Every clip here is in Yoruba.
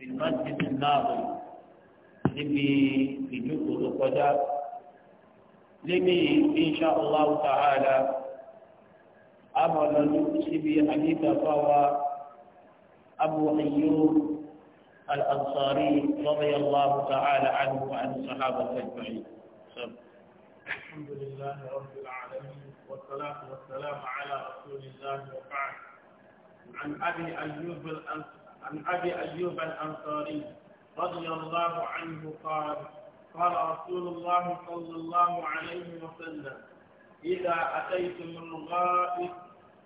المسجد الناظر níbi ìjókòó tó kọjá níbi insha allah ta'ala amọ̀lọ́lù síbi àdìgbàfáwa abu ayyub al-ansari radiyallahu ta'ala anhu wa an sahabati ajma'in. الحمد لله رب العالمين والصلاة والسلام على رسول الله وبعد عن أبي أيوب الأنصاري عن أبي أيوب الأنصاري رضي الله عنه قال قال رسول الله صلى الله عليه وسلم إذا أتيتم الغائب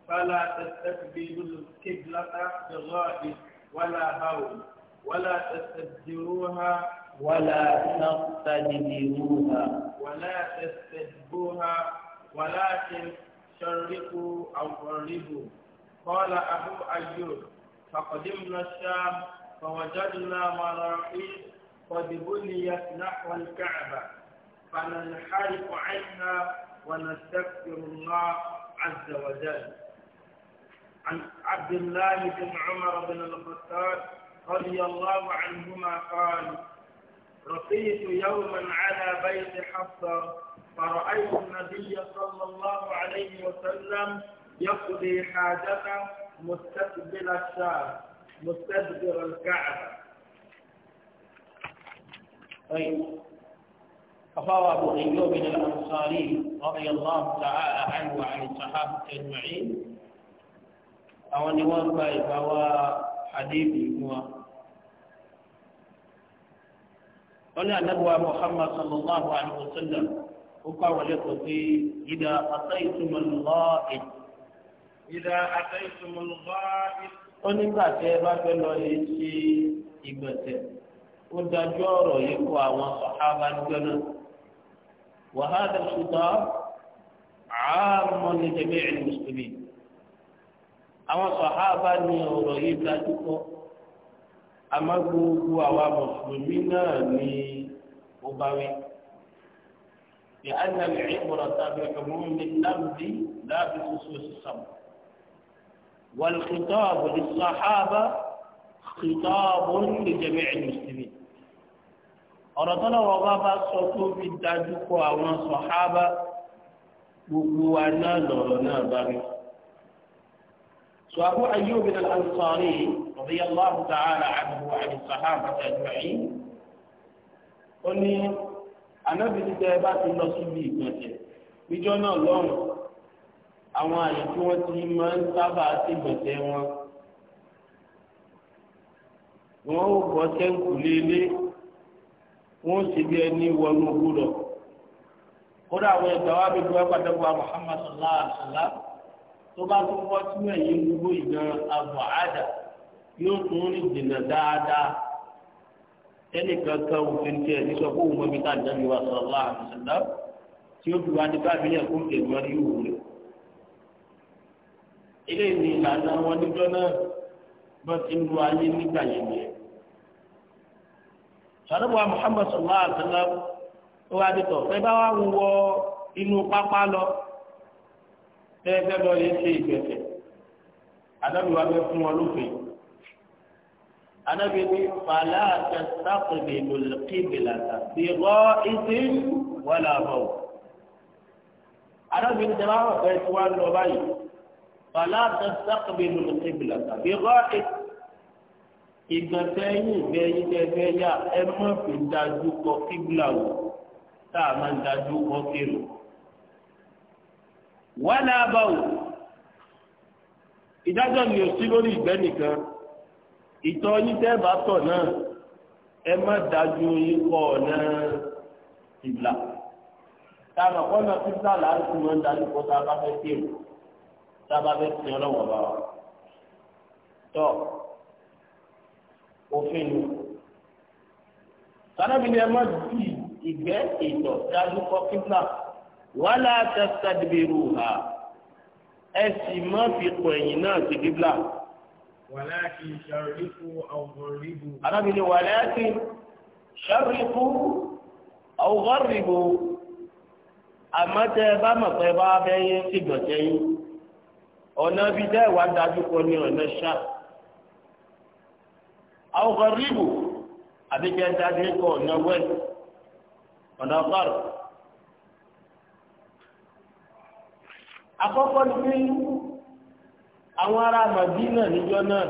فلا تستقبلوا القبلة بغائب ولا هول ولا تستدبروها ولا تستدبروها ولا تستدبوها ولكن شرقوا أو غربوا قال أبو أيوب فقدمنا الشام فوجدنا مراحيل قد بنيت نحو الكعبة فننحرف عنها ونستغفر الله عز وجل عن عبد الله بن عمر بن الخطاب رضي الله عنهما قال رقيت يوما على بيت حفصة فرأيت النبي صلى الله عليه وسلم يقضي حاجته مستقبل الشام مستدبر الكعبة طيب أخبر أبو أيوب الأنصاري رضي الله تعالى عنه وعن الصحابة أجمعين أو نوابا فهو حديثي هو قال نبوى محمد صلى الله عليه وسلم وقال لكم إذا أتيتم الغائب ìdá àtẹ̀sùmọ̀lùbá. ó nígbà tí ẹ bá fẹ́ lọ lè ṣe ìgbọ̀nsẹ̀ ó dájú ọ̀rọ̀ yìí kó àwọn sọ̀hábà níjọ́ náà. وهذا الخطاب عام لجميع المسلمين àwọn sọ̀hábà ní ọ̀rọ̀ yìí dájú kọ́ àmọ́ gbogbo àwa mùsùlùmí náà ní ọba wí. لأن العبرة بعموم اللفظ لا بخصوص السبب والخطاب للصحابة خطاب لجميع المسلمين أردنا وبابا صوتو بالتاجوك وعوان صحابة وقوانا لورنا بابي وأبو أيوب الأنصاري رضي الله تعالى عنه وعن الصحابة أجمعين قل لي أنا بدي باتي الله سبحانه níjọ́ náà lọ́rùn àwọn àyè tí wọ́n ti máa ń sábà ti gbẹ̀tẹ̀ wọn. wọ́n ó bọ́ sẹ́ńkù léle wọ́n ó sì bí ẹni wọnú gbúdọ̀. kódà àwọn ẹgbẹ́ wa bí wọ́n padà wà Muhammad sallallahu alaihi wa sallam tó bá tó wọ́n tún ẹ̀yìn gbogbo ìgbà àbọ̀ àdà yóò tún rìn jìnnà dáadáa ẹnì kankan òfin tiẹ̀ ní sọ fún òun mọ́bí tá a jẹ́ mi wá sallallahu alaihi wa tí ó fi wá ní káàbí yẹn kó tẹ̀ mọ́rí òwúrọ̀ eléyìí ni ìlànà wọn níjọ́ náà bọ́ ti ń lu ayé nígbà yẹn ni ẹ̀. sọ̀rọ̀bùwà Muhammad sallallahu alaihi wasallam ó wá dìtọ̀ pé bá wà ń wọ inú pápá lọ tẹ́ẹ̀fẹ́ lọ yẹn ṣe ìgbẹ̀fẹ̀ anábì wa fẹ́ fún wọn lófin anábì ní fàlà àtẹ̀sáfìlì lòlùkìbìlà tàbí rọ ìsìn wàlàbọ̀ anábì ní tẹ́lá ọ̀fẹ́ tí wọ́n lọ báyìí. فلا tẹsàkùnbẹ̀lù ìbìlà tàbí rọ́ọ̀kì ìgbọ̀nsẹ̀ yìí bẹ́yìn tẹ́fẹ́ yá ẹ mọ̀ fi dájú kọ kíbla wò tá a máa dájú kọ kérò. wọ́n náà bá wò ìdájọ́ ni ò sí lórí ìgbẹ́ nìkan ìtọ́ yín tẹ́ bá tọ̀ náà ẹ má dájú yín kọ́ ọ̀nà kíbla. táwọn ọ̀nà kíbla làásù máa dájú kọ́ tá a bá fẹ́ kérò sábà bẹ tiẹ lọ́wọ́ bá wa tọ òfin ni sanabini ẹ má di ìgbẹ́ ìtọ̀ dájú kọ kíkà wàhálà tẹsítàdìbìrù ha ẹ sì má fi kọ ẹ̀yìn náà sí kíkà. wàláàkì sàrìkù àwòrìbù. sanabini wàláàkì sàrìkù àwòrìbù àmọ́ tẹ bá mọ̀ pé bá bẹ́ yín sí gbọ̀tẹ́ yín. ọ̀nà bíi dá ìwà dájú kọ ní ọ̀nà ṣá àwọn ríbù àbíkẹ́ dájú kọ ọ̀nà wẹ́ẹ̀l ọ̀nà fárọ̀ àkọ́kọ́ ni pé àwọn ará naa, níjọ́ náà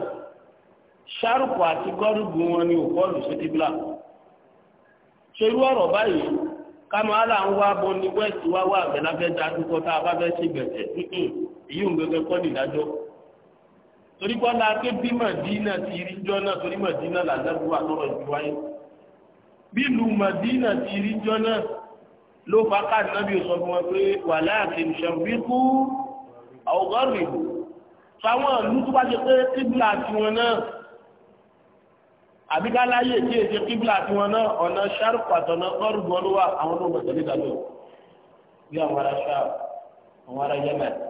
ṣárùkù àti wọn ni òkọ́lù sí kíbla ṣerú ọ̀rọ̀ báyìí kámọ́ àlà ń wá bọ́ ní wẹ́ẹ̀tì wá wà bẹ́ẹ̀ dájú èyí ń gbẹgbẹ kọ́ nìdájọ́ torí kọ́ la ké bí Màdínà ti rí jọ́ náà torí Màdínà làdágbó àtọ́rọ̀ ju wáyé bí lu Màdínà ti rí jọ́ náà ló fa káàdì náà bí o sọ fún wọn pé wà láàkín ṣàǹfìkú ọgọ́rin fáwọn ìlú tó bá ṣe pé kíbla tiwọn náà àbíkáláyè tí èsì kíbla tiwọn náà ọ̀nà ṣàrùkù àtọ̀nà ọ̀rùbọ̀lúwà àwọn ọmọ ìgbàlódé dàbí bí àwọn ará ṣáà àwọn ará yẹmẹ̀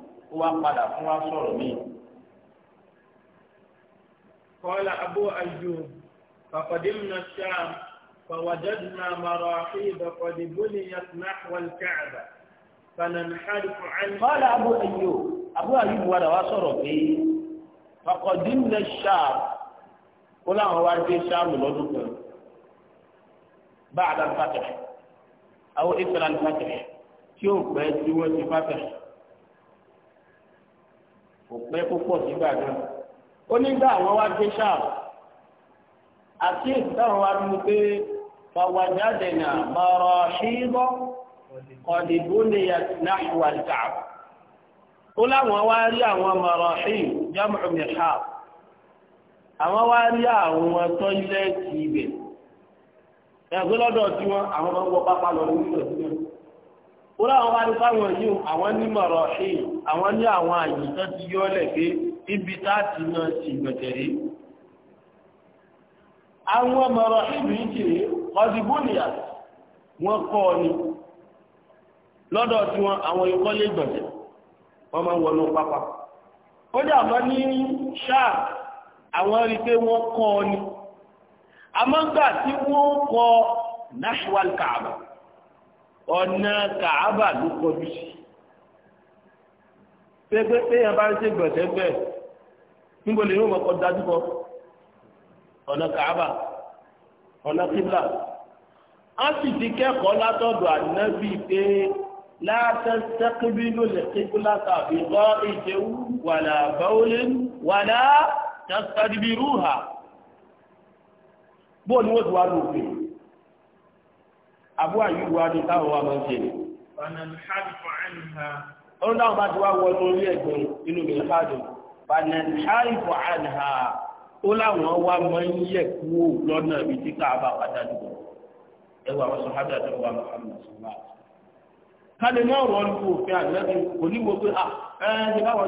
ó wá padà fún wa sọ̀rọ̀ míì. kọ́lá abó ayò fàkọ̀dìmùnà sàm فوجدنا مراحيض قد بنيت نحو الكعبة فننحرف عنها قال أبو أيوب أبو أيوب ورا وصرف فقدمنا الشام ó láwọn wá dé sáàmù lọ́dún kan bá àdá fàtẹ̀ àwọn ìfẹ̀lá fàtẹ̀ tí ó pẹ́ tí wọ́n ti fàtẹ̀ kò pẹ́ púpọ̀ nígbà náà ó àwọn wá àti ìtàn wa mú pé fàwàjádẹ̀nà bọ̀rọ̀ ṣíbọ̀ ọ̀dìbò lè náà kàbà ó láwọn wá rí àwọn mọ̀rọ̀ ṣíì àwọn wá rí àwọn ibẹ̀ ẹ̀gbẹ́ lọ́dọ̀ tí wọ́n àwọn ọmọ pápá kóra àwọn bá fáwọn yìí àwọn nímọ̀rọ̀ ṣe àwọn ní àwọn àyè ti yọ pé níbi táàtì náà ti gbẹ̀tẹ̀rí. àwọn mọ̀rọ̀ ìlú ìjìrì ọdìbónìyà wọ́n kọ́ ni lọ́dọ̀ tí wọn àwọn ìkọ́lé gbọ̀tẹ̀ wọ́n máa ń ọ̀nà kàába ló kọjú sí pépé péyàn bá ń ṣe gbọ̀nsẹ̀ bẹ́ẹ̀ níbo lè ní òun ọkọ̀ dájú kọ ọ̀nà kàába ọ̀nà kíbla a sì ti kẹ́kọ̀ọ́ látọ̀dọ̀ ànábì pé látẹ́sẹ́kíbí ló lè kíbla tàbí gbọ́ ìjẹun wàlà báwọlé wàlà tẹ́sẹ́kíbí rúhà bóòlù wọ́n ti wá lóògbé àbú àyùwò adé táwọn wa máa ń ṣe ni. ọ̀run táwọn bá ti wá wọ inú orí ẹ̀gbọ́n inú mi káàdù fanẹ̀lẹ́hàìfọ̀ àdìhà ó láwọn wá máa ń yẹ̀ kúrò lọ́nà ibi tí káàbà padà dùn ẹwà wọn sọ hábẹ́ àtẹwà Muhammad sọlá kálí náà rọ lu òfin àgbẹ̀bí oníwo pé à ẹ ṣe báwọn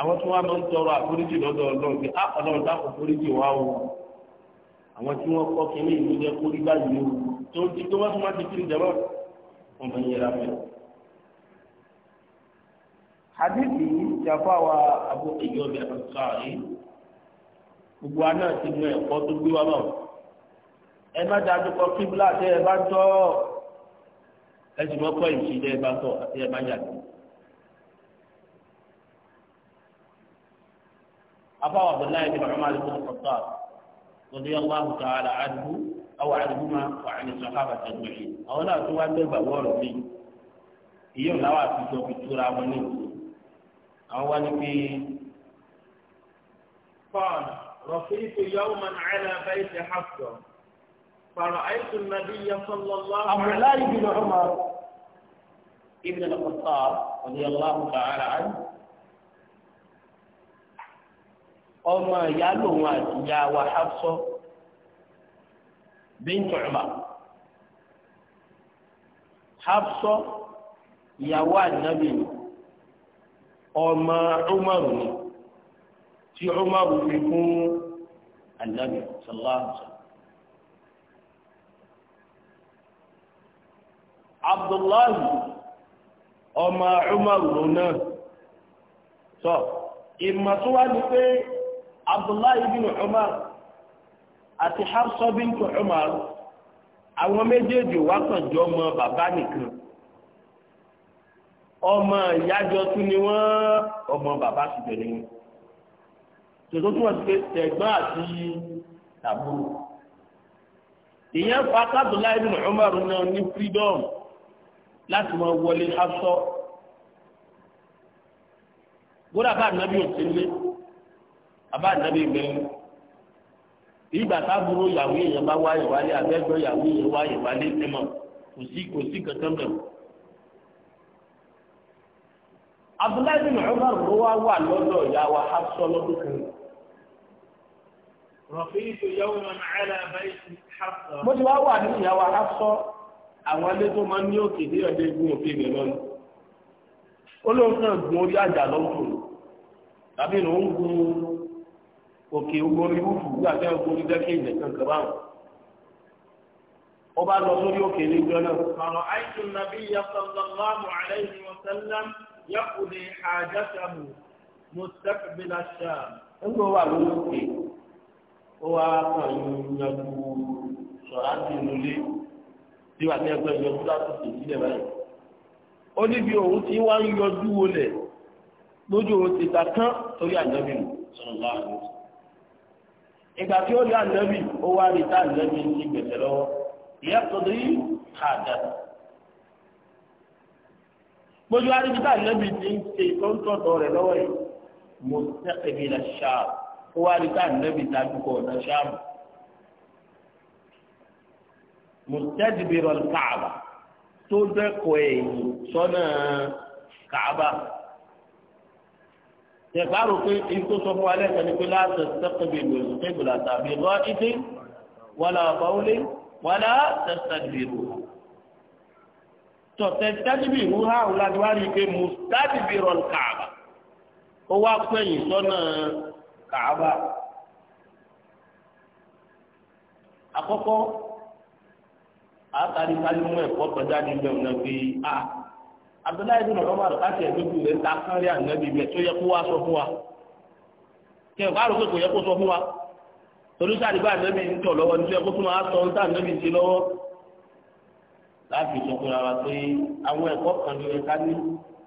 àwọn tí wọ́n máa ń tọrọ àforíjì lọ́dọ̀ ọlọ́run pé ah, ọlọ́run dákun foríjì wá o àwọn tí wọ́n kọ́ kínní ìlú jẹ́ kórí báyìí o tó ti tó wọ́n tún máa ti kiri jẹ́mọ́ wọn bẹ yẹra fẹ́. hadithi jafa wa abu eyobi alasari gbogbo aná ti mú ẹ̀kọ́ tó gbé wa lọ ẹ má dájú kọ kíbla tẹ ẹ bá tọ́ ẹ sì mọ́ kọ́ ìṣí ẹ bá tọ́ àti ẹ bá yàtọ̀. أبو عبد الله بن عمر بن الخطاب رضي الله تعالى عنه أو عنهما وعن الصحابة أجمعين أو لا تواتر بأول في يوم لا واتر في تورا ونين أول في قال رصيت يوما على بيت حفصة فرأيت النبي صلى الله عليه وسلم عبد الله بن عمر ابن الخطاب رضي الله تعالى عنه ọmọ ìyá lòun àti ìyá wa Hafsọ bíntu Umar Hafsọ ìyàwó ànábì ọmọ ni tí Umaru fi fún ànábì sallallahu abdullahi ọmọ umaru náà sọ ìmọ̀ tó wá ní pé abdullahi bin umar àti hafsa bint umar àwọn méjèèjì wá kàn jọ ọmọ bàbá nìkan ọmọ ìyájọ tún ni wọ́n ọmọ bàbá sì bẹ̀rẹ̀ wọn tòótọ́ tún wọ́n ti pé tẹ̀gbọ́n àti tàbúrò ìyẹn fa abdullahi bin umar náà ní freedom láti máa wọlé hafsa gbọ́dọ̀ bá nàbí òsínlé àbá ànábì bẹ́ẹ̀ ìgbà táàbùrò ìyàwó èèyàn bá wáyé wálé abẹ́jọ́ ìyàwó èèyàn wáyé wálé tẹ́mọ̀ kò sí kò sí kankan bẹ̀rù. Abdullahi bin Umar ló wá wà lọ́dọ̀ ìyá wa Hafsa lọ́dún kan. Rafiitu yawman ala bayti Hafsa. Mo ti wá wà ní ìyá wa Hafsa àwọn ilé tó máa ń ní òkè ní ọdẹ gún òkè rẹ lọ́nu. Olóhùn gun orí àjà lọ́wọ́ tàbí ní gun òkè ogori rúfù gbàgbé ogori dẹ́kẹ́ ìdẹ̀kan kaba wọn. ọba lọ sórí òkè ní ìjọ náà. ọ̀rọ̀ àìsàn nàbí sallallahu alayhi wa sallam yaqdi hajatahu mustaqbil ash-sham. ńgbọ́ wà lórí òkè ó wá kàn yín yanjú sọ̀rọ̀ àti ìnulé tí wàá tẹ́gbẹ́ yọjú láti tèjìlẹ̀ báyìí. ó níbi òun tí wá yọjú wọlé lójú òun ti ta kán torí àjọbí mu sọ̀rọ̀ láàrin ìgbà tí ó rí ànábì ó wá rí tá ànábì ń ti gbèsè lọ́wọ́ ìyá tọ́jú yìí hàdà gbójú aríbi tá ànábì ti ń ṣe ìtọ́ntọ́tọ́ rẹ̀ lọ́wọ́ yìí mo tẹ́kẹ̀mí la ṣáà ó wá rí tá ànábì dájú kọ ọ̀nà ṣáà mo tẹ́jú rọ̀ káàbà tó dẹ́kọ̀ ẹ̀yìn sọ́nà káàbà tẹ̀gbá rò pé ikú sọ fún alẹ́ kan ní pé láti sẹ́kọ̀bì ìlú tẹ́gbìlà tàbí rọ́ ìdí wàlà àbáwọlé wàlà tẹ̀sítàdìbò. tọ̀tẹ̀ tẹ́tìbì ìlú ha ò láti wá rí i pé mùsítàdìbì rọ̀ kààbà ó wá pẹ́yìn sọ́nà kààbà. àkọ́kọ́ àtàrí kálí ẹ̀kọ́ pẹ̀lú àdìgbẹ̀wò náà pé a. Ah, abdullahi bin umar láti ẹ̀dógún rẹ̀ ta kárí ànábì bẹ́ẹ̀ tó yẹ kó wá sọ fún wa kẹ́ ẹ̀ bá rò pé kò yẹ kó sọ fún wa torí sáà nígbà ànábì ń tọ̀ lọ́wọ́ nítorí ẹ̀kọ́ tó máa sọ ń tà ànábì ti lọ́wọ́ láti sọ fún ara pé àwọn ẹ̀kọ́ kan ló yẹ ká ní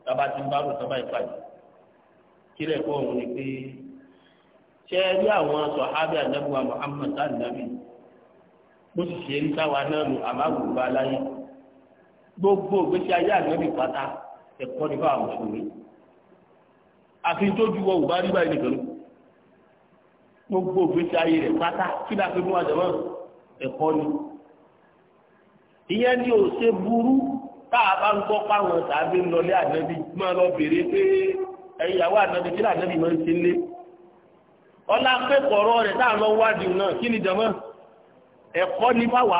bàbá ti ń bá rò sábà ìpàdé kí lẹ́kọ́ òun ni pé ṣé ẹ rí àwọn sọ̀hábì ànábì wa Muhammad sáà ànábì bó sì ṣe rí sáwa náà nù àmàgùnbá láyé gbogbo ìgbésí ayé àgbẹ̀bí pátá ẹ̀kọ́ ní fáwọn mùsùlùmí àfi tó ju wọ òbá rí báyìí nìkan gbogbo ìgbésí ayé rẹ̀ pátá kí ni a fi mú àjọmọ́ ẹ̀kọ́ ni ìyẹn ni ò ṣe burú tá a bá ń gbọ́ páwọn tàbí lọlé ànábì máa lọ bèrè pé ẹ̀yàwó ànábì kí lànábì máa ń ṣe lé ọlá pẹ́kọ̀ọ́rọ́ rẹ̀ táà lọ wádìí náà kí ni jọmọ́ ẹ̀kọ́ ní fáwa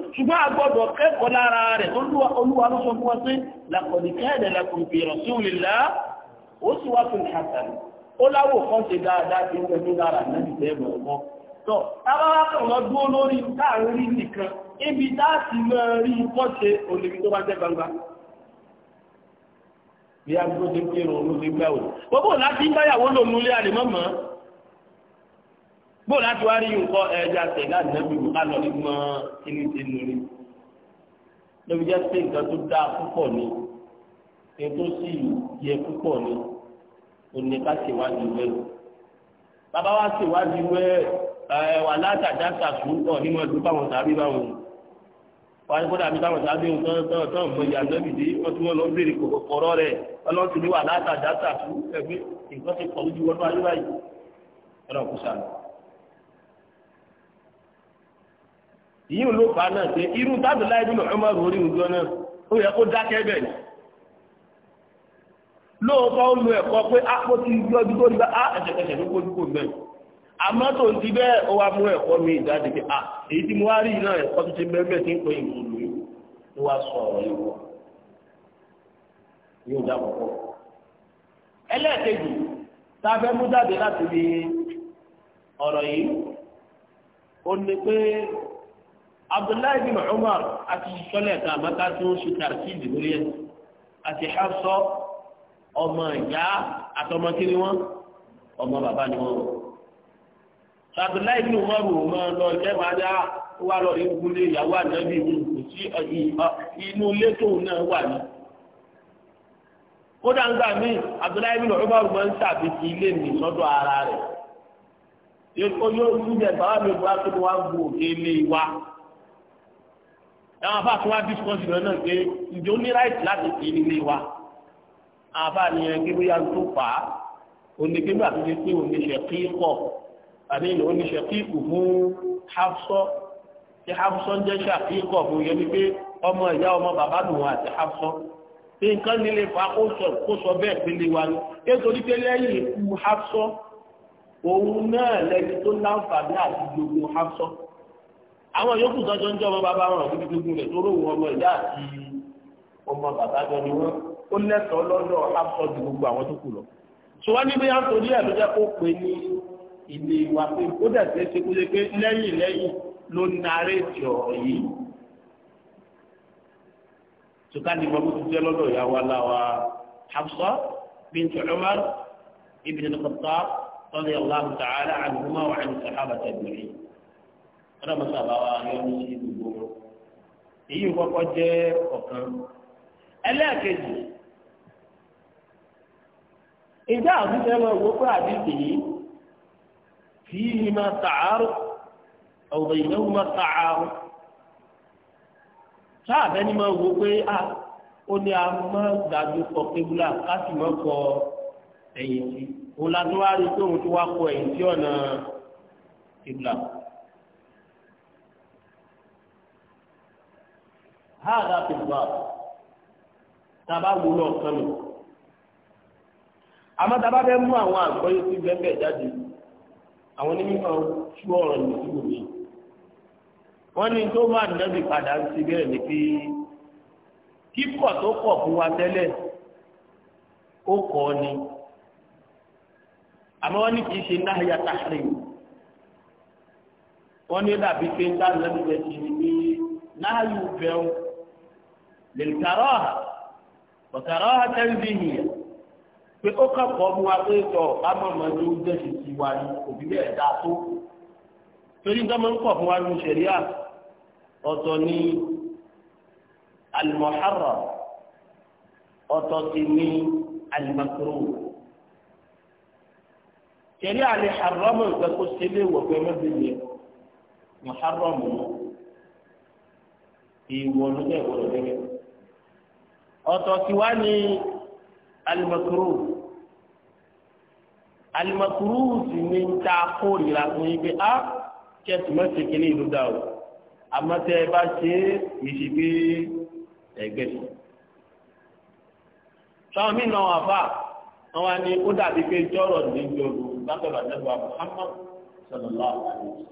ṣùgbọ́n a gbọ́dọ̀ kẹ́kọ̀ọ́ lára rẹ̀ olúwa ló sọ fún wa pé laqad kana lakum fi rasulillahi uswatun hasanah ó láwò kan ṣe dáadáa tí ó fẹ́ ní lára náà ti bẹ́ẹ̀ bọ̀ mọ́ tọ́ tábàbàkàn lọ dúró lórí káàrin nìkan ibi táàtì máa rí kọ́ ṣe olèmi tó bá jẹ́ gbangba bí a gbọ́dọ̀ pé ìrọ̀rùn ti gbà wò gbogbo láti ń báyàwó lòun lé àlè mọ́mọ́ bó láti wá rí nǹkan ẹja tẹ̀ láti nẹ́bí wò ká lọ ní mọ́ kíní ti nù rí lóbi jẹ́ pé nǹkan tó dáa púpọ̀ ni nǹkan tó sì yẹ púpọ̀ ni òní ká ṣèwádìí wẹ́ bàbá wa ṣèwádìí wẹ́ ẹ wà látàdá ṣàṣùkọ̀ nínú ẹ̀dùn báwọn tàbí báwọn wọ́n kó dàbí táwọn sábẹ́ ohun tán tán tán mọ ìyá lẹ́bìdì wọ́n tún wọ́n lọ béèrè kọ̀ọ̀rọ̀ rẹ̀ ọlọ́run ti ní wà látàdá tàbí ẹgbẹ́ nǹkan ti pọ̀ lójú wọn tó ayé báyìí ọlọ́run kò sàlọ̀. yìí ló fà náà pé irú tábìlá ibi ní ọmọ orí nǹkan náà ó yẹ kó dákẹ́ bẹ̀ ni lóòótọ́ ó lo ẹ̀kọ́ pé ápò ah, ti gbé ọdún tó gba ah, á ẹ̀ṣẹ̀kẹ̀ṣẹ̀ ló kójú kó bẹ̀ àmọ́ tó ń ti bẹ́ẹ̀ ó wá mú ẹ̀kọ́ mi ìdáde pé à ah, èyí tí mo wá rí náà ẹ̀kọ́ tó ti bẹ́ẹ̀ tí ń pè ìlú lóyún ló wá sọ ọ̀rọ̀ yìí wọ̀ yóò dá púpọ̀ ẹlẹ́ẹ̀kejì tá fẹ́ mú jáde láti fi ọ̀rọ̀ yìí ó ní pé abdullahi bin umar àti sọlẹ̀ kan àmọ́ká tó ń ṣe tàrkìlì lórí ẹ̀ àti hafsọ ọmọ ìyá àtọmọ kiri wọn ọmọ bàbá ni wọn abdullahi bin umar ò máa lọ ilé máa dá wà lọ ìgbúlé ìyàwó ànábì òun kò sí inú ilé tóun náà wà ní kódà ń gbà mí abdullahi bin umar máa ń ṣàbíkí ilé mi lọ́dọ̀ ara rẹ̀ yóò tún jẹ bàbá mi bá tó wá gbòó wa àwọn afa tó wá discourse rẹ náà pé ǹjẹ́ ó ní right láti kì í nílé wa àwọn afa ni ẹ kí bóyá tó fà á onígbégbà tó ti pé oníṣẹ́ kíkọ̀ àbí oníṣẹ́ kíkù fún Hafsọ tí Hafsọ ń jẹ́ ṣàkíkọ̀ fún yẹn ni pé ọmọ ìyá ọmọ bàbá lòun àti Hafsọ pé nǹkan nílé fa kó sọ bẹ́ẹ̀ pé lè wa ni nítorí pé lẹ́yìn ikú Hafsọ òun náà lẹni tó láǹfààní àti gbogbo Hafsọ àwọn yòókù tọjọ ń jọ bàbá wọn òbí rẹ tóró wọn ọmọ ìyá àti ọmọ bàbá jọ ni wọn ó lẹ́tọ̀ọ́ lọ́dọ̀ afọ gbogbo àwọn tó kù lọ ṣùgbọ́n níbi yà ń torí ẹ̀ ló jẹ́ kó pè ní ilé wa pé ó dẹ̀ tẹ́ ṣe kó ṣe pé lẹ́yìn lẹ́yìn ló nàárẹ̀tì ọ̀rọ̀ yìí tuka ni wọn ti jẹ lọ́dọ̀ ya wa la wa Hafsa bint Umar ibn al-Khattab radiyallahu ta'ala anhuma wa ọlọ́mọsọ àbáwá yọ̀ọ́nù sí gbogbo wọn èyí kọ́kọ́ jẹ́ ọ̀kan ẹlẹ́ẹ̀kejì ìjà àtúnṣe wọn wò pé àdìsí yìí tí ma tààrù ọ̀rọ̀ ìnáwó ma tààrù sáà bẹ́ni máa wò pé a ó ní a máa gbàgbé kọ kébùlà ká sì máa kọ ẹ̀yìn tí òun la tó wá rí pé òun tó wá kọ ẹ̀yìn tí ọ̀nà kébùlà kọ. hàdà fi gbà a wúlò ọ̀kan mi. àmọ́ tàbá fẹ́ mú àwọn àgbọ́yé sí bẹ́ẹ̀ jáde àwọn onímọ̀ tú ọ̀rọ̀ sí òní. wọn tó padà ń ni pé tó kọ̀ fún ni ní kì í ṣe náhìyà táhìrì wọ́n ní dàbí pé ń dá lẹ́nu للكراهة وكراهة تنزيهية pé ó kọ̀kọ́ mú wa pé tọ̀ amọ̀mọ̀ ní ó jẹ́ ṣìṣì wa ní òbí bẹ́ẹ̀ dá tó torí gbọ́mọ̀ ń kọ̀ fún wa ní ṣẹ̀ríà ọ̀tọ̀ ní al ọ̀tọ̀ sì ní al-makruh ṣẹ̀ríà lè haramu kó ṣe lé wọ̀ pé mọ́bìnrin muharram mọ́ ìwọ̀n ló bẹ̀ wọ̀ ọ̀tọ̀ tí wá ní alimakuru alimakuru sì ní ń ta kórìíra fún yín pé á kẹsì má ṣe kíní ìlú dá o àmọ́ tẹ́ ẹ bá ṣe é pé ẹgbẹ́ sí. sọ́wọ́n mi náà wà fà wọ́n wá ní ó dàbí pé jọ́rọ̀ ní ìjọba látọ̀dọ̀ àtẹ́gbà Muhammad sallallahu alaihi wasallam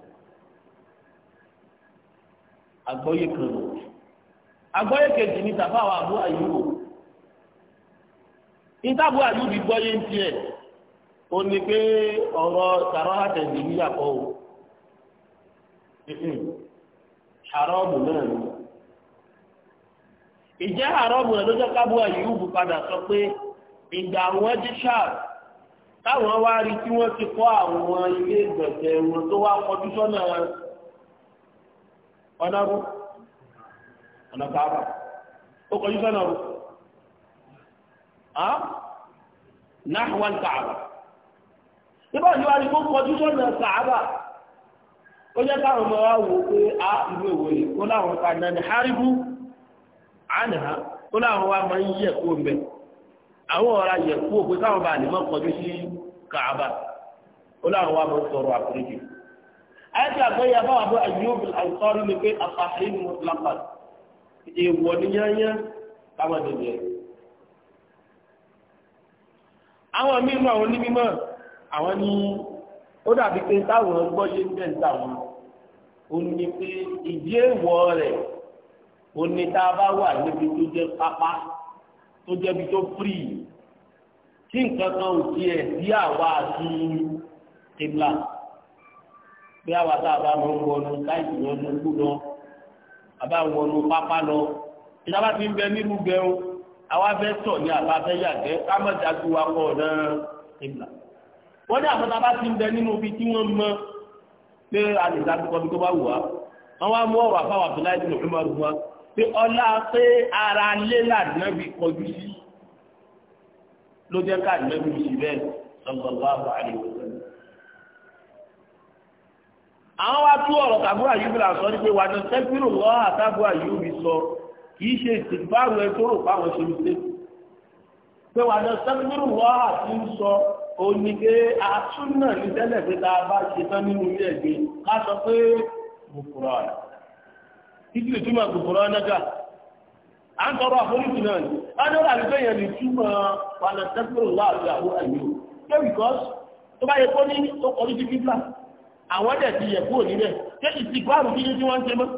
àgbọ́yé kan lòdì agbọ́yé kejì ní tàfáwà àbú àyúwò ìtàbù àyúbí gbọ́yé ń tiẹ̀ ó ní pé ọ̀rọ̀ sàrọ́ àtẹ̀jì ní yàpọ̀ o haramu náà ni ìjẹ́ haramu rẹ̀ ló jẹ́ kábù àyúbù padà sọ pé ìgbà àwọn jí sáà táwọn wá rí tí wọ́n ti kọ́ àwọn ilé ìgbọ̀nsẹ̀ wọn tó wá kọjú sọ́nà ọ̀nàbù. ọ̀nà sáàbà ó kọjú sọ́nà o náhùwán na nígbà tí wàá rí kó kọjú sọ́nà sáàbà ó jẹ́ káwọn ọmọ wa wò pé a ah, ìlú èwo ni kó láwọn ka nani haribu àná kó láwọn wa ma ń yẹ kó mbẹ àwọn ọ̀rọ̀ ayẹ kó pé káwọn bá lè má kọjú sí káàbà a gbé yẹ fáwọn abọ́ ayélujára àìsọ́rí ni èèwọ̀ ní yányá káwọn dèbè ẹ̀. àwọn mímọ àwọn onímọ̀ àwọn ní ó dàbí pé táwọn gbọ́ ṣe ń bẹ̀ ń tàwọn ó ní pé ìdí èèwọ̀ rẹ̀ ó ní tá a bá wà níbi tó jẹ́ pápá tó jẹ́ ibi tó firi tí nǹkan kan ò tiẹ̀ bí àwa àti tèmla bí àwa tá a bá mọ̀ ń wọnú láì wọnú kú lọ àbá wọnú pápá lọ ìjọba ti ń bẹ nínú bẹ o àwa fẹ́ tọ̀ ní àbá fẹ́ yàgẹ́ kámẹ́dájú wa kọ̀ náà ìgbà wọ́n ní àfọ́tà bá ti ń bẹ nínú ibi tí wọ́n mọ pé a lè dájú kọ́ bí tó bá wù wá wọ́n wá mú ọ̀rọ̀ àfáwà tó láì nínú ìmọ̀ ọdún wa pé ọlá pé ara lé làdínàbì kọjú sí ló jẹ́ ká àdínàbì sí bẹ́ẹ̀ sọ̀gbọ̀n bá wà á lè wọ̀ àwọn wa tú ọ̀rọ̀ tàbúrà yìí sọ nípe wà ní tẹ́kùrù lọ́ àtàbúrà yìí sọ kìí ṣe ìsìnbáru ẹ fáwọn ṣe wípé pé wà ní tẹ́kùrù àti ń sọ òní àtúnà ní tẹ́lẹ̀ pé a bá ṣe tán nínú ilé ẹ̀gbẹ́ ká sọ pé rẹ̀ títí lè túmọ̀ à ń àforíjì náà ni lè túmọ̀ wà ní tẹ́kùrù lọ́ àwọn dẹ̀ ti yẹ̀ kúrò níbẹ̀ ṣé ìsìnkú àrùn kí ni tí wọ́n ń ṣe mọ́.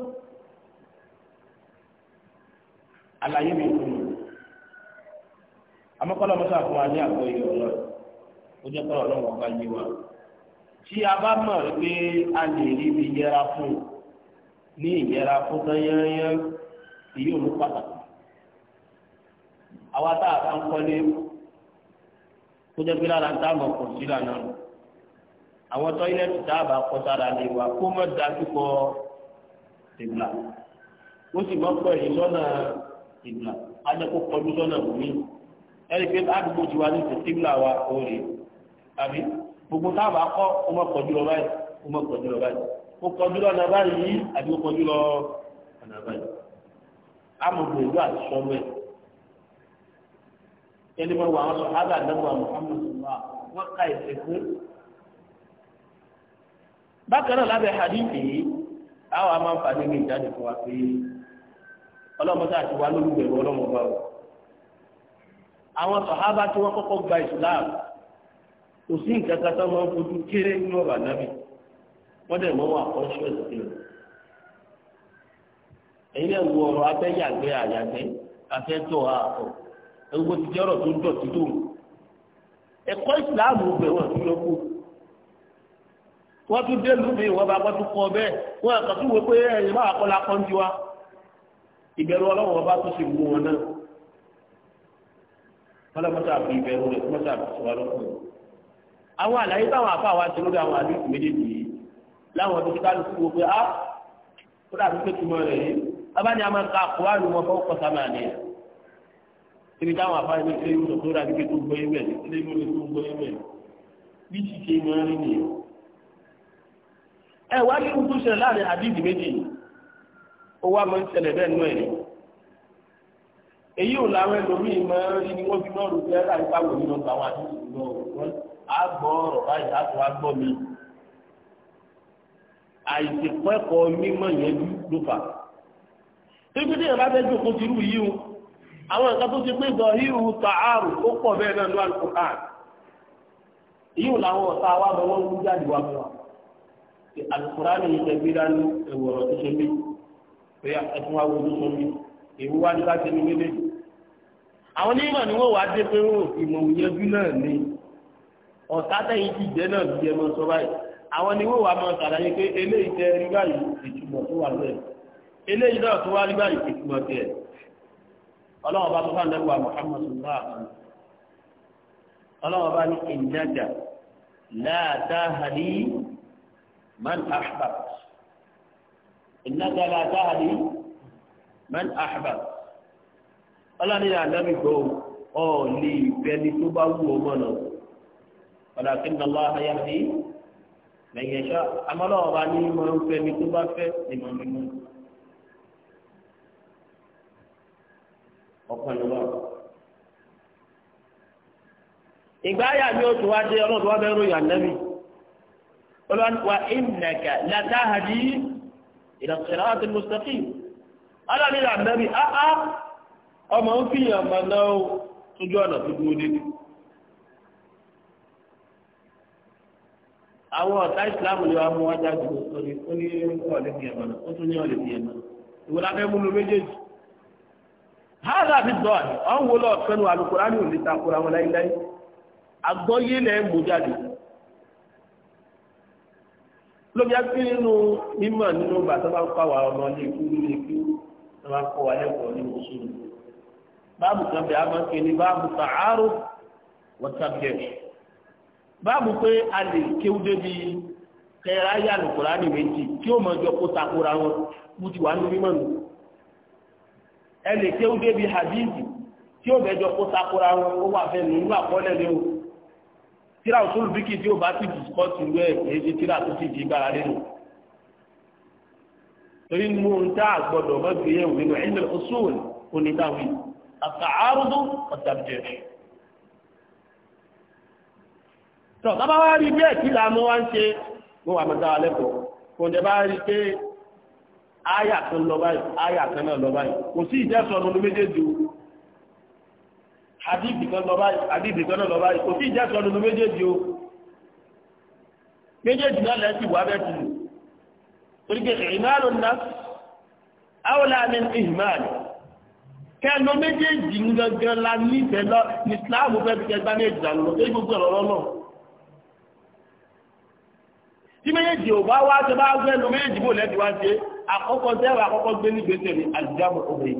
àlàyé mi kú amakọ́lá mọ́tà fún wa ní àgọ́ yìí ọ̀rọ̀ ó jẹ́ kọ́lá ọlọ́wọ́ ọba yé wa tí a bá mọ̀ pé a lè rí ibi yẹra fún ní ìyẹra fún tán yẹ́nyẹ́n èyí pàtàkì àwa tá a bá ń kó jẹ́ pé lára ń tá mọ̀ kò sí lànà rẹ̀ àwọn tọ́ílẹ̀tì tá a bá kọ́ sára lè wà kó mọ́ dájú kọ tìbìlà ó sì mọ́ pọ̀ lọ́nà tìbìlà ajẹ́ kọjú lọ́nà bùnmí ẹni pé àdúgbò tiwa ní ti wa ó rè àbí gbogbo tá a bá kọ́ ó mọ́ kọjú lọ báyìí ó mọ́ kọjú lọ báyìí ó kọjú lọ ọ̀nà báyìí àbí ó kọjú lọ ọ̀nà báyìí amògbò ìlú àti sọ́nù ẹ̀ ẹni mọ́ wà wọn sọ bákan náà lábẹ́ hadithi àwọn ma ń fa níbi ìjáde fún wa pé ọlọ́mọdé àti wa lólùbẹ̀rù ọlọ́mọba o àwọn sàhábà tí wọ́n kọ́kọ́ gba islam kò sí nǹkan kan tó máa ń fojú kéré nínú ọ̀rọ̀ ànábì wọ́n dẹ̀ mọ́ wà conscious sí o èyí náà wo ọ̀rọ̀ afẹ́tọ̀ jẹ́ ọ̀rọ̀ tó ń dọ̀tí tó ẹ̀kọ́ wọ́n tún dé lùmí wọ́n bá wọ́n tún kọ́ bẹ́ẹ̀ wọ́n àkàn tún wọ pé ẹ̀yìn máa kọ́ lakọ́ ń tiwa ìbẹ̀rù ọlọ́wọ́ wọn bá tún sì mú wọn náà wọ́n lọ mọ́tà fi ìbẹ̀rù rẹ̀ mọ́tà fi sọ lọ́kùnrin. àwọn àlàyé táwọn àfa wa ti lórí àwọn àdúgbò méjèèjì yìí láwọn ọdún tí kálukú wo pé á ah, kó dàbí pé túmọ̀ rẹ̀ yìí bàbá ni a máa ka àkùránù wọn fọwọ́ kọ́ sámà ni ibi táwọn àfa ilé ìwé tó dàbí tó gbóyè bẹ́ẹ̀ ilé ìwé tó gbóyè bẹ́ẹ̀ bí ti ṣe máa rí nìyẹn ẹ wá ní ohun tó ṣẹlẹ̀ láàrin hadith méjì ó wá máa ń ṣẹlẹ̀ bẹ́ẹ̀ nú ẹ̀ ní. èyí ò láwọn ẹlòmíì máa ń rí ni wọ́n fi náà rò pé ẹ̀ka ìpá wò nínú àwọn àdúgbò lọ wọ́n á gbọ́ ọ̀rọ̀ báyìí á tó wá gbọ́ mi. àìsèkọ́ẹ̀kọ́ mímọ̀ yẹn ló fà. tóbi tí ìyàbá fẹ́ jókòó ti rú yìí o àwọn nǹkan tó ti pé gbọ́ híhu tààrù ó pọ̀ bẹ́ẹ̀ náà ló àlùkò káà alukurani yìí tẹ̀ bíra ní ewúrọ̀ tó ṣe mí pé ẹfún wa wo ló ṣe mí èwo wá ní láti ní nílé. àwọn onímọ̀ ni wọ́n wá dé pé wọ́n ìmọ̀ òyìnbí náà ni ọ̀tá tẹ̀yìn ti jẹ́ náà bí ẹ máa sọ báyìí àwọn ni wọ́n wá máa ṣàlàyé pé eléyìí tẹ rí báyìí ìtumọ̀ tó wà lẹ́ẹ̀ eléyìí náà tó wá rí báyìí ìtumọ̀ tiẹ̀ ọlọ́wọ́n bá tó bá lẹ́wọ̀ Muhammadu ọlọ́wọ́n bá ní من أحببت إنك لا تهدي من أحببت ọlọ́ni àdámi kò ọ lè fẹ́ni tó bá wù ọ mọ́nà ọ̀dà kí nà lọ́wọ́ ayá sí lẹ́yìnṣọ́ amọ́lọ́wọ́ bá ní mọ́ ń fẹ́ni tó bá fẹ́ ní mọ́ mímọ́ ọ̀kan lọ́wọ́. ìgbà ayà mi ó tún wá dé ọlọ́dún wa bẹ́ẹ̀ ròyìn àdámi. olùwà ìnẹ̀kẹ̀ látàhàdì na àti mùsùlùmí aláàrin àmẹ́rin áá ọmọ ń fìyàn mọ̀ náà tójú ọ̀nà tó àwọn ọ̀tá ìsìláàmù ni wọ́n mú wájú àgbègbè sọ́ni ó ní ọ̀lẹ́ fìyàn mọ̀ náà ó tún ní ọ̀lẹ́ fìyàn náà ìwọ lábẹ́ múlò méjèèjì. hádà fi dọ̀ ọ̀ ń wo lọ́ọ̀kan òní wọn àgbọ́yé jáde. lóbi àti nínú mímọ̀ nínú bàtà bá ń kọ́ àwọn ọmọ ní ikú nínú ikú ní wọ́n kọ́ wa lẹ́kọ̀ọ́ ní mùsùlùmí báàbù kan bẹ àmọ́ kí ni báàbù sàárò wọ́tàbíẹ̀ báàbù pé a lè kéwú débi kẹrẹ ayé àlùkòrá ní méjì kí ó mọ̀ jọ kó takora wọn mo ti wà ní mímọ̀ nù ẹ lè kéwú débi hadithi tí ó bẹ jọ kó takora wọn ó wà fẹ́ nínú àkọọ́lẹ̀ lẹ́wọ̀ tíra òṣèlú bíkì tí ó bá ti dìskọ́tì rú ẹ̀ èyí tíra tó ti di gbára lẹ́nu torí mú un tá a gbọdọ̀ má gbé yẹ̀wò nínú ilẹ̀ òṣùwòn onídàwí àtàárùdù ọ̀tàbìjẹ́ tọ́ bá wá rí bẹ́ẹ̀ kí la mọ́ wá ń ṣe mọ́ wà mọ́ta alẹ́kọ̀ọ́ kò jẹ́ bá rí pé áyà kan lọ báyìí áyà kan náà lọ báyìí kò sí ìjẹ́sọ̀nù méjèèjì àdìbì kan lọ báyìí àdìbì kan lọ báyìí kò sí ìjà sọ lónìí méjèèjì o méjèèjì náà lẹ́sìn wà bẹ́ẹ̀ tì lù torí pé ìmáàlù náà àwòlá mi ìmáàlù kẹ́lọ méjèèjì gangan la nífẹ̀ẹ́ lọ ní Islam fẹ́ fi kẹgbá méjì dànù lọ lórí gbogbo ọ̀rọ̀ náà tí méjèèjì ò bá wá tó bá fẹ́ lọ méjèèjì bò lẹ́tì wá ṣe àkọ́kọ́ tẹ́wà àkọ́kọ́ gbé ní gbèsè ní àdìjábọ̀ ọ̀gbìn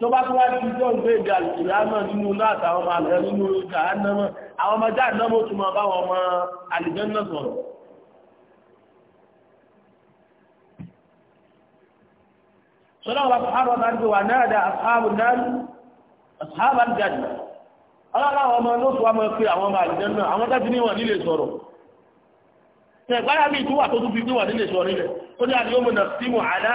tó bá tó wá ti jọ ìgbé ìgbà ìyámọ̀ nínú láàtà àwọn àgbẹ̀ nínú ìjà ànámọ̀ àwọn ọmọ jáà náà tún máa báwọn ọmọ àlìjẹ́ náà sọ̀rọ̀ sọ́dọ̀ wà fàárọ̀ náà ti wà náà dá àṣàbù náà àṣàbù àjàdì ọlọ́láwọ̀ ọmọ ló tún wá mọ́ pé àwọn ọmọ àlìjẹ́ náà àwọn tó ti níwọ̀n nílé sọ̀rọ̀ tẹ̀gbáyà mi tún tó tún fi níwọ̀n nílé sọ̀rọ̀ nílẹ̀ ó ní àdéhùn náà símù àdá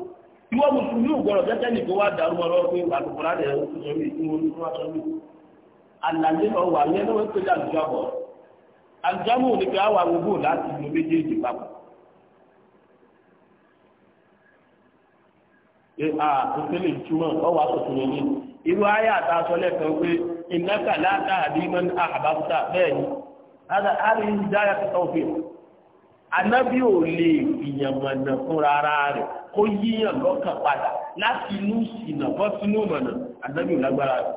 ìwọ mùsùlùmí ò gbọ́dọ̀ jẹjẹ nìkan wá dàrú wọn lọ́wọ́ pé àlùkò láti ẹ̀rọ tó sọ mí ní àlàyé lọ wà ní pé àlùjábọ̀ ò ní àwọn láti méjèèjì papọ̀. a òtẹ́lẹ̀ ìtumọ̀ yẹn ní irú ayé pé àbáfúta bẹ́ẹ̀ ni anábì ò lè ìyànmọ̀nà fúnra ara rẹ̀ kó yíyàn lọ́kàn padà láti inú ìsìnà bọ́ sínú ìmọ̀nà anábì ò lágbára rẹ̀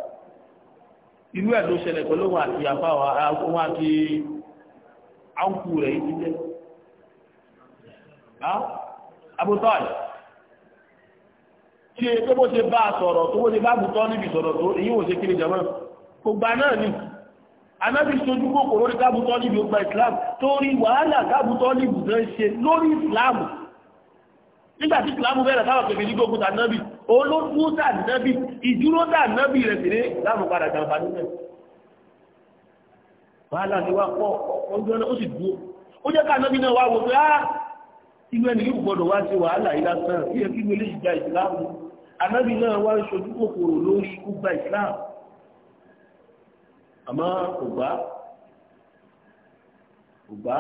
irú ẹ̀ ló ṣẹlẹ̀ pẹ̀lú òun àti àfa òun àti àǹkù rẹ̀ yìí ti jẹ́ abutọ́ àlẹ́ bó ṣe bá a sọ̀rọ̀ tó bó anábì sojú kòkòrò ní káàbù tọ́lìbì ó gba islam torí wàhálà káàbù tọ́lìbì náà ṣe lórí islam nígbà tí islam bẹ̀rẹ̀ táwọn kèfèé ní gbogbo tànábì olóògùn tànábì ìdúró tànábì rẹ̀ sì ní islam padà jàǹfà nílẹ̀ wàhálà ni wá pọ̀ ọjọ́ náà ó sì dúró ó jẹ́ káànábì náà wá wò pé ah, á àmọ́ kò gbá kò gbá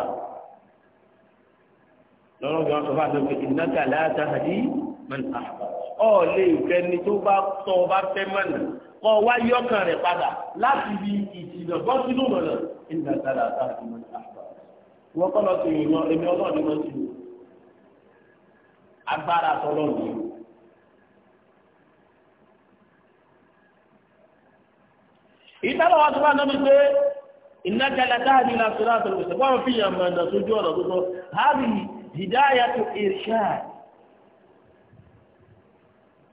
lọ́rọ́ bí wọ́n sọ fún àdókè ìnáka aláàtà àdí mẹ́ni àbá ọ lè fẹ́ ni tó bá tọ́ ọ bá fẹ́ mọ́nà kọ́ ọ wá yọkàn rẹ̀ padà láti fi ìjìnà bọ́ sínú mọ̀nà ìnáka aláàtà àdí mẹ́ni wọ́n kọ́ lọ sí ìrìnà èmi ọlọ́ọ̀ni agbára tọ́lọ́ọ̀ni ìtàlọ́ wa tó bá lọ́nu pé ìnákàlà táàbí la sọ́dọ̀ àtọ̀rọ̀ ìṣẹ̀ wọ́n fi yàn mọ̀ ẹ̀dà sójú ọ̀nà tuntun hábì hìdáyà tó ìrìṣà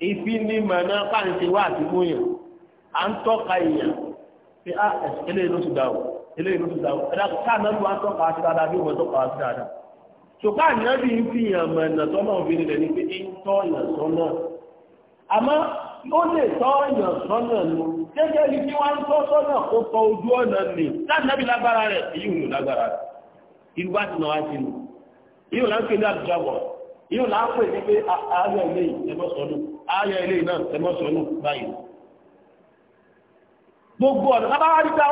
ìfinimọ̀nà pàǹtí wà àti múyàn à ń tọ́ka ìyàn pé á ah, eléyìí ló ti dà o eléyìí ló ti dà o ẹ̀dá ká náà ló tọ́ka àti dáadáa bí wọ́n tọ́ka àti dáadáa ṣùgbọ́n ànábì ń fi yàn mọ̀ ẹ̀dà sọ́nà òfin ó lè tọ́ èèyàn sọ́nà lọ gẹ́gẹ́ bí kí wọ́n tọ́ sọ́nà kó tọ ojú ọ̀nà nì láàbí lágbára rẹ̀ èyí ò lágbára rẹ̀ irú bá ti nà wá sí nù yóò là ń pè ní àdúgbò yóò là ń pè ní pé ààyè ilé ìtẹ́mọ́sọ̀nù ààyè ilé náà tẹ́mọ́sọ̀nù báyìí gbogbo ọ̀nà tábáwá ní pé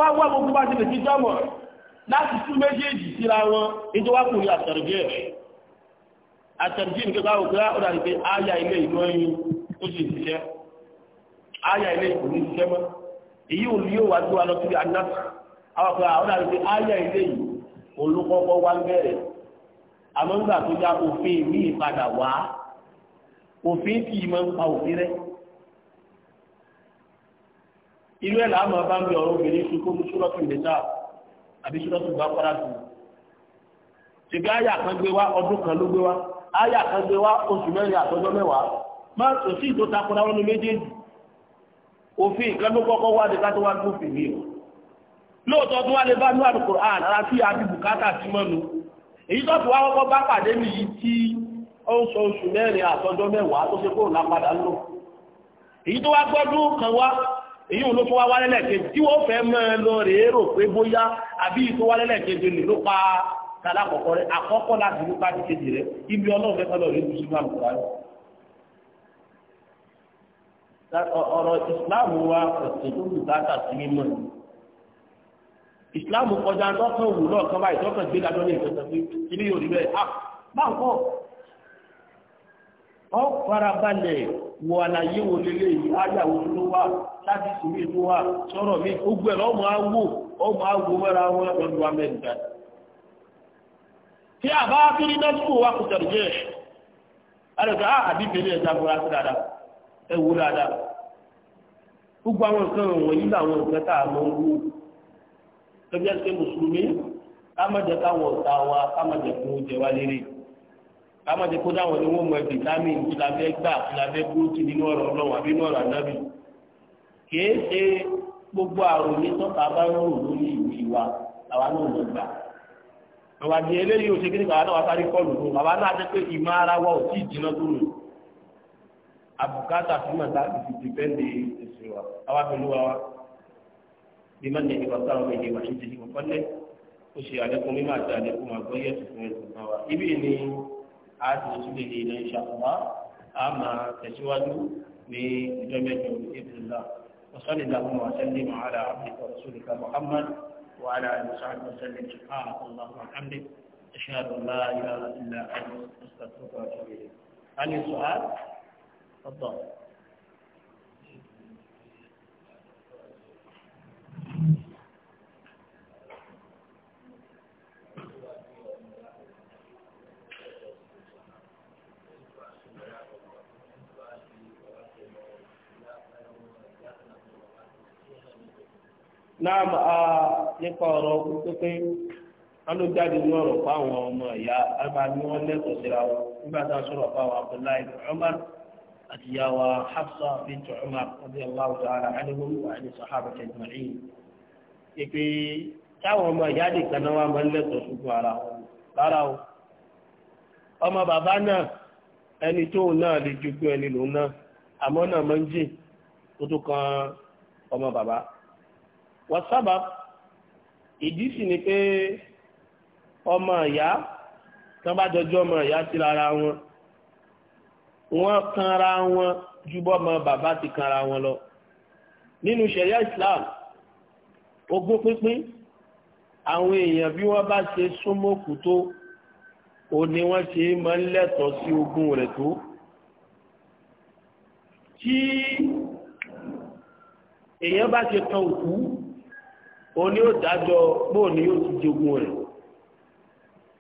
àwọn aya ilé ìkò ní ṣiṣẹ́ èyí ò ní yóò wá gbé wa lọ síbi anáfà àwọn àwọn àti ilé yìí olùkọ́kọ́ wá ń bẹ̀rẹ̀ àmọ́ nígbà tó òfin ní ìpadà wá òfin kì í máa ń pa òfin rẹ̀ irú ẹ̀ làá máa bá ń bẹ ọ̀rọ̀ obìnrin ṣùkú ní mẹ́ta àbí bá kọ́ra tù kan gbé òfin kan ló kọ́kọ́ wá de tó wá gbófin mi o lóòótọ́ tó wá lè bá ní àlùkùránì ara tí a bùkátà sí mọ́nu èyí tó fi wá kọ́kọ́ bá pàdé nìyí tí ó ń sọ oṣù mẹ́rin àtọ́jọ́ mẹ́wàá tó ṣe kóòrùn lápadà wá gbọ́dún kan wá èyí ò ló tó wá wá tí wọ́n fẹ́ mọ́ ẹ lọ rèé rò pé bóyá àbí tó wá lè ló pa rẹ àkọ́kọ́ láti ọ̀rọ̀ ìsìláàmù wa ẹ̀sìn tó sí mímọ́ ni kọjá lọ́kàn òwú lọ́ọ̀kan báyìí lọ́kàn gbé dájọ́ ní ìfẹsẹ̀ pé yóò rí bẹ́ẹ̀ ah, ọ farabalẹ̀ wọ àlàyé wo lélẹ̀ ló wà láti ló wà mi gbogbo ẹ̀ lọ́mọ ọmọ mẹ́ra wọn lọ́dún tí a bá kiri náà tó wà jẹ́ Ewu wò dáadáa gbogbo àwọn nǹkan wọ̀nyí làwọn nǹkan tá a mọ̀ ń wò lọ́jọ́ ṣe mùsùlùmí ká má jẹ́ káwọn ọ̀tá wa ká má jẹ́ kó jẹ wá lérè ká má kó dáwọn ni la gbà gbóòtì nínú àbí nínú gbogbo àrùn ní tọ́ka bá ń rò lórí ìwé wa làwa náà gbà eléyìí ò ṣe kí àbùkátà fún màtá ìfìdí bẹ́ẹ̀ni ìṣòro àwa pẹ̀lú wa wa bí má nìyí wàá sáwọn ọmọ ìyẹn wà ní ìdílé wọn kọ́lé ó ṣe àlékún mímọ́ àti àlékún àgbọ̀ yẹ tuntun ẹ̀ tuntun wa ibi ni a ti tún lè lè insha Allah a máa tẹ̀síwájú ní ìjọ mẹ́jọ ìbílá وصلى اللهم وسلم على عبدك ورسولك محمد وعلى اله وصحبه وسلم سبحانك اللهم وبحمدك اشهد ان لا اله الا انت استغفرك واتوب اليك هل سؤال تفضل náà nípa ọ̀rọ̀ pípé alójáde ní ọ̀rọ̀ fáwọn ọmọ ìyá àgbà ni wọ́n lẹ́tọ̀ọ́ síra wọn nígbà tá a fáwọn àti yàwá Hafsa bint Umar radiyallahu ta'ala anhum wa ali sahaba ajma'in ìpè táwọn ọmọ ìyá nìkan náà wà máa ń lẹ́tọ̀ọ́ ṣùgbọ́n ara wọn rárá o ọmọ bàbá náà ẹni tóun náà lè jogún ẹni lòun náà àmọ́ náà máa ń jìn tó tó kan ọmọ bàbá wọ́n sábà ìdí sì ni pé ọmọ ìyá tán bá jọjọ́ ọmọ ìyá sí lára wọn wọ́n kanra wọn ju bọ́mọ bàbá ti kanra wọn lọ nínú ṣẹ̀ríà Islam ogún pínpín àwọn èèyàn bí wọ́n bá ṣe súnmọ́kù tó o ni wọ́n ṣe máa ń lẹ́tọ̀ọ́ sí ogún rẹ̀ tó tí èèyàn bá ṣe kan òkú o ní ó dájọ́ bó ni yóò ti jogún rẹ̀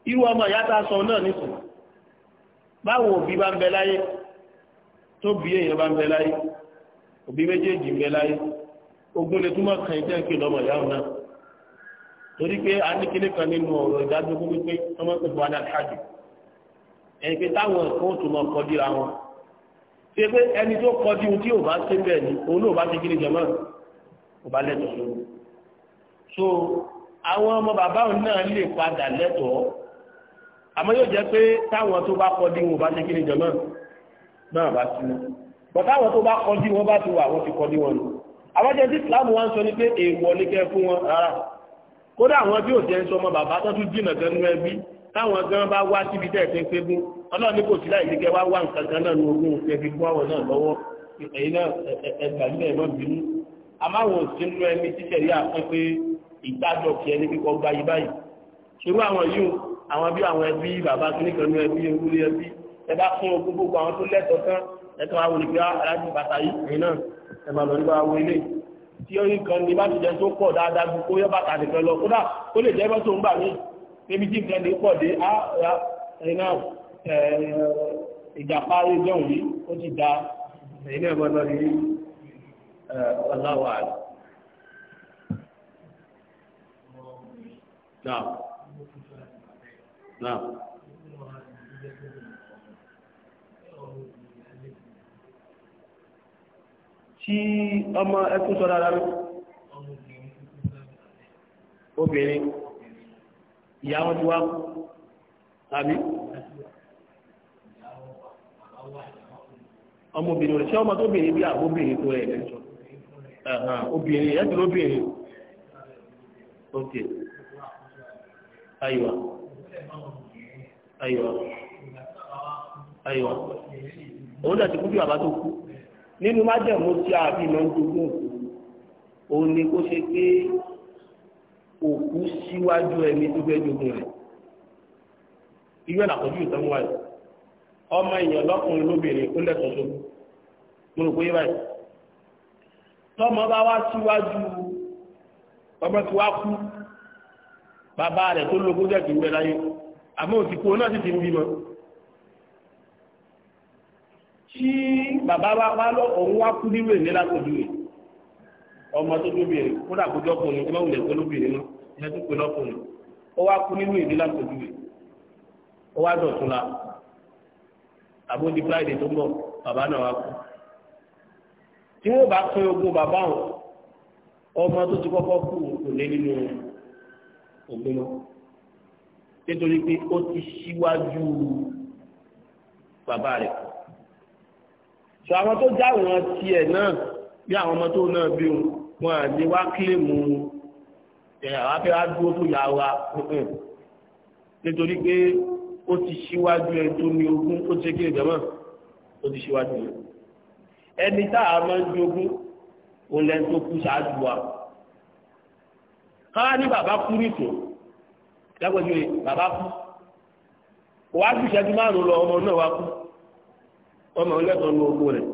irú ọmọ ìyá tá a sọ náà nìsín báwọn òbí bá ń bẹ láyé tó bí èèyàn bá ń bẹ láyé òbí méjèèjì ń bẹ láyé ogun lè túmọ̀ kan ìjẹ́ ìpè lọ́mọ ìyá ọ̀nà torí pé a ní kíní kan nínú ọ̀rọ̀ ìdádógún wípé ọmọ pẹ̀lú wọn adájú ẹ̀yìn pé táwọn ẹ̀kọ́ tó mọ̀ kọ́ díra wọn ṣe pé ẹni tó kọ́ ohun tí ò bá ṣe bẹ́ẹ̀ ni òun náà bá ti kíní jẹmọ́ ò bá lẹ́tọ̀ọ́ lóhùn so àwọn ọmọ bàbá òun náà lè padà lẹ́tọ̀ọ́ àmọ́ yóò jẹ́ pé táwọn tó bá kọ́ ohun ò bá ṣe kíní jẹmọ́ náà bá sínú bọ̀tá àwọn tó bá kọjú wọn bá ti wà wọ́n ti kọjú wọn àwọn jẹ́ tí ìsìláàmù wá ń sọ ní pé èèwọ̀ ní kẹ́ fún wọn rárá kódà àwọn bí ò jẹ́ ń sọ ọmọ bàbá tó tún jìnà gan nú ẹbí táwọn gan bá wá síbi tẹ́ ẹ̀ fi ń pé gún ọlọ́run ní kò sí láì níkẹ́ wá wá nǹkan kan náà nu ogún ẹbí fún àwọn náà lọ́wọ́ ẹ̀yin náà ẹgbà nílẹ̀ ẹ̀mọ́ bínú àmáwọn òsínú ẹni tíṣẹ̀ rí àpẹ́ pé ìdájọ́ kí ẹni kíkọ́ gbayí báyìí ṣerú àwọn yìí àwọn bí àwọn ẹbí bàbá kíníkan nú ẹbí ewúrẹ́ ẹbí ẹ bá fún ogún gbogbo àwọn tó lẹ́tọ̀ọ́ tán ẹ tó wá wò lè fi alájú bàtà yìí ẹ̀yìn náà ẹ máa lọ nípa àwọn ilé tí ó yín kan ní bá ti jẹ tó pọ̀ dáadáa ju kó yọ bàtà nìkan lọ kódà ó lè jẹ́ bọ́ tó ń gbà mí ebi tí nǹkan lè pọ̀ dé ah, ẹ̀yìn náà ìjàpá ìjọ̀hún yìí ó ti da ẹ̀yìn náà gbọ́dọ̀ ní ọ̀làwà rẹ̀. Now, now. tí ọmọ ẹkún sọ dára lọ obìnrin ìyá wọn ti wá tàbí ọmọbìnrin rẹ̀ ṣé ọmọ tó bìnrin bí àbóbìnrin tó rẹ̀ lẹ́sọ obìnrin ẹ̀sìn lóbìnrin ok ayiwa ayiwa ti kú bí bàbá tó kú nínú májẹ̀mú tí a fi máa ń jogún òkú òun ni kó ṣe pé òkú síwájú ẹni tó fẹ́ jogún rẹ̀ irú ẹ̀nà àkọ́jú ìtàn wáyé ọmọ èèyàn lọ́kùnrin lóbìnrin ó lẹ́tọ̀ọ́ sókú mo rò pé yé báyìí tọ́mọ bá wá síwájú ọmọ tí wá kú bàbá rẹ̀ tó lógún jẹ́ kí ń bẹ láyé àmọ́ òsìkú náà sì ti ń bímọ tí bàbá wa wá lọ òun wá kú níwèé ní látọjú rẹ ọmọ tó tóbìrì kódà kó jọkùnrin ẹ má wulẹ̀ pé lóbìrì náà ẹ tó pé lọkùnrin ó wá kú níwèé ní látọjú rẹ ó wá dọ̀tún la àbódi friday tó ń bọ̀ bàbá náà wá kú tí wọ́n bá pín ogún bàbá wọn ọmọ tó ti kọ́kọ́ kú kò lé nínú ogún náà nítorí pé ó ti síwájú bàbá rẹ̀ kù sọ àwọn tó já wọn tiẹ̀ náà bí àwọn ọmọ tó náà bí wọn à ní wá kílèmù ẹ̀ àwọn afẹ́ wá dúró tó yà wá nítorí pé ó ti ṣíwájú ẹ tó ní ogún ó ti ṣe kí ìjọba ó ti ṣíwájú ẹ ẹni tá a máa ń jogún òun lẹ́nu tó kú ṣáájú wa káwá ní bàbá kú nìtò lágbàdo bàbá kú wàá fi ìṣẹ́jú márùn-ún lọ ọmọ náà wá kú ọmọ ọlẹ́tọ̀ọ́ ní oko rẹ̀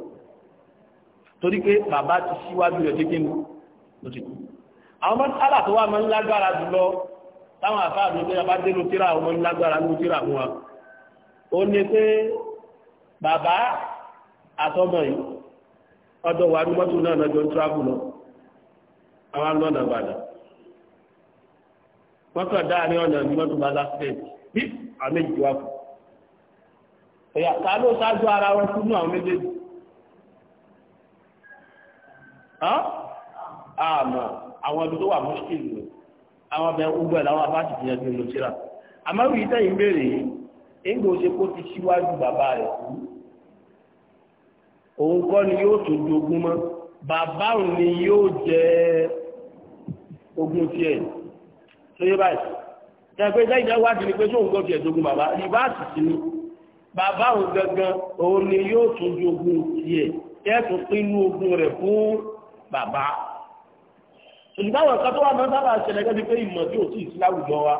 torí pé bàbá ti síwájú rẹ̀ kékeré ní ló ti kú àwọn mọ́sálà tó wà máa ń lágbára jùlọ táwọn àfáàdù tó yàbá dénú tíra àwọn ń lágbára ní tíra fún wa ó ní pé bàbá àtọmọ yìí ọ̀dọ̀ wà ní mọ́tò náà lọ́jọ́ ń tíráàbù lọ àwọn lọ́nà Ìbàdàn wọ́n ẹ̀yà ta ló ṣáájú ara wọn kú ní àwọn méjèèjì àmọ́ àwọn ibi tó wà mọ́ṣíkì lò àwọn ọbẹ̀ ugbọ́ ìlàwọ̀ abáṣì ti yẹn ló síra àmọ́rù yìí tẹ́yìn béèrè yìí ń ṣe kó ti síwájú bàbá rẹ̀ kú òun kọ́ ni yóò tó jogún mọ́ bàbá òun ni yóò jẹ ogún tiẹ̀ tó yé báyìí tẹ́gbẹ́ tẹ́yìn tẹ́wàá ti ni pé sóhun kọ́ tiẹ̀ jogún bàbá rìbáàsì sí ni bàbá òun gangan òun ni yóò tún jogún tiẹ̀ yẹ́ tún pinnu ogún rẹ̀ fún bàbá ìgbàwọ̀n kan tó wà náà sábà ṣẹlẹ̀ gẹ́gẹ́ pé ìmọ̀ tí ò sí ìsìláwùjọ wa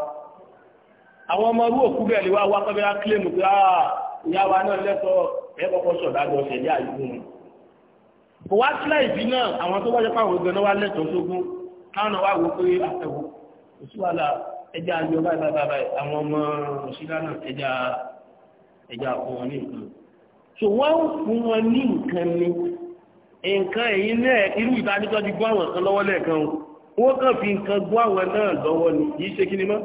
àwọn ọmọ orú òkú bẹ̀rẹ̀ wá wá pẹ́bẹ́rá kílèmù pé àà ah, ìyá wa náà lẹ́tọ̀ọ́ ẹ kọ́kọ́ sọ̀dájọ́ ṣẹlẹ̀ àìsùn kò wá sílẹ̀ ìbí náà àwọn tó wájẹ́ pàwọn ogun náà wá lẹ́tọ̀ọ́ sógún káwọn wá wo pé àtẹ̀wò ah, òṣùwàlà ẹ̀já fún wọn ní nǹkan so wọ́n fún wọn ní nǹkan ni nǹkan ẹ̀yìn náà irú ìdánilọ́ ti gbọ́ àwọn kan lọ́wọ́ lẹ́ẹ̀kan o wọ́n kàn fi nǹkan gbọ́ àwọn náà lọ́wọ́ ni yìí ṣe kí ni mọ́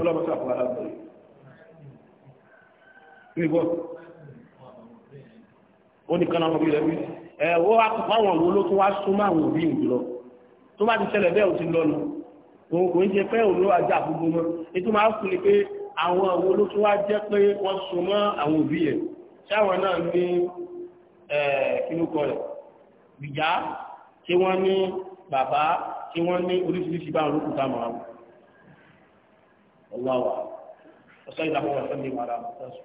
ọlọ́mọsá fún aláàbọ̀lẹ̀ níbọ̀ ó ní kan àwọn òbí rẹ̀ wí ẹ̀ wọ́n wá kọ́ àwọn òwò ló tún wá súnmọ́ àwọn òbí ìlú lọ tó bá ti ṣẹlẹ̀ bẹ́ẹ̀ ò ti lọ nù òun kò ń ṣe fẹ́ òun ló wá jà gbogbo mọ́ ètò máa ń fún ni pé àwọn àwọn olóṣùwà jẹ́ pé wọ́n so mọ́ àwọn òbí ẹ̀ sáwọn náà ní kílókọ rẹ̀ gbìyà tí wọ́n ní bàbá tí wọ́n ní oríṣiríṣi bá orúkú tá máa wọ́wọ́ وصلى الله وسلم على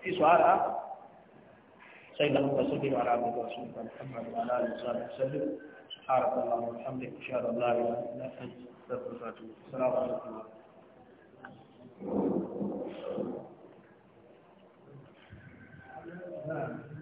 في سؤال صلى الله وسلم على عبد رسول الله محمد وعلى اله وصحبه وسلم سبحانك اللهم وبحمدك اشهد ان لا اله الا انت استغفرك واتوب اليك السلام عليكم Thank you.